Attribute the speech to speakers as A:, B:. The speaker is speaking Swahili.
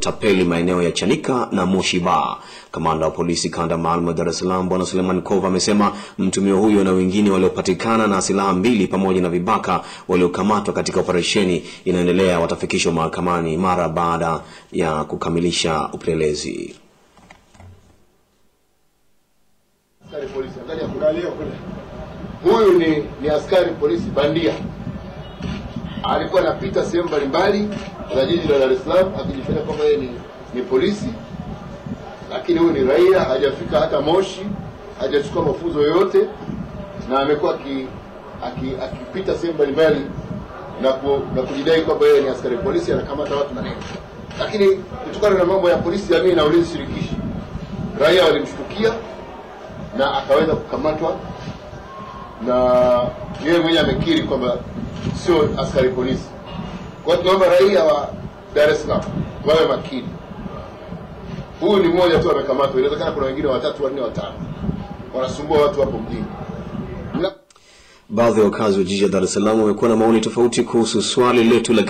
A: tapeli maeneo ya Chanika na Moshi Bar. Kamanda wa polisi kanda maalum ya Dar es Salaam Bwana Suleiman Kova amesema mtumio huyo na wengine waliopatikana na silaha mbili pamoja na vibaka waliokamatwa katika operesheni inaendelea watafikishwa mahakamani mara baada ya kukamilisha upelelezi.
B: Huyu ni, ni askari polisi bandia alikuwa anapita sehemu mbalimbali za jiji la Dar es Salaam akijifanya kwamba yeye ni, ni polisi, lakini huyu ni raia, hajafika hata Moshi, hajachukua mafunzo yoyote, na amekuwa akipita sehemu mbalimbali na, ku, na kujidai kwamba yeye ni askari polisi, anakamata watu na nini. Lakini kutokana na mambo ya polisi jamii na ulinzi shirikishi, raia walimshtukia na akaweza kukamatwa na yeye mwenyewe amekiri kwamba sio askari polisi. Kwa hiyo tunaomba raia wa Dar es Salaam wawe makini. Huyu ni mmoja tu amekamatwa, inawezekana kuna wengine watatu, wanne, watano wanasumbua watu hapo mjini.
A: Baadhi ya wakazi wa jiji la Dar es Salaam wamekuwa na maoni tofauti kuhusu swali letu la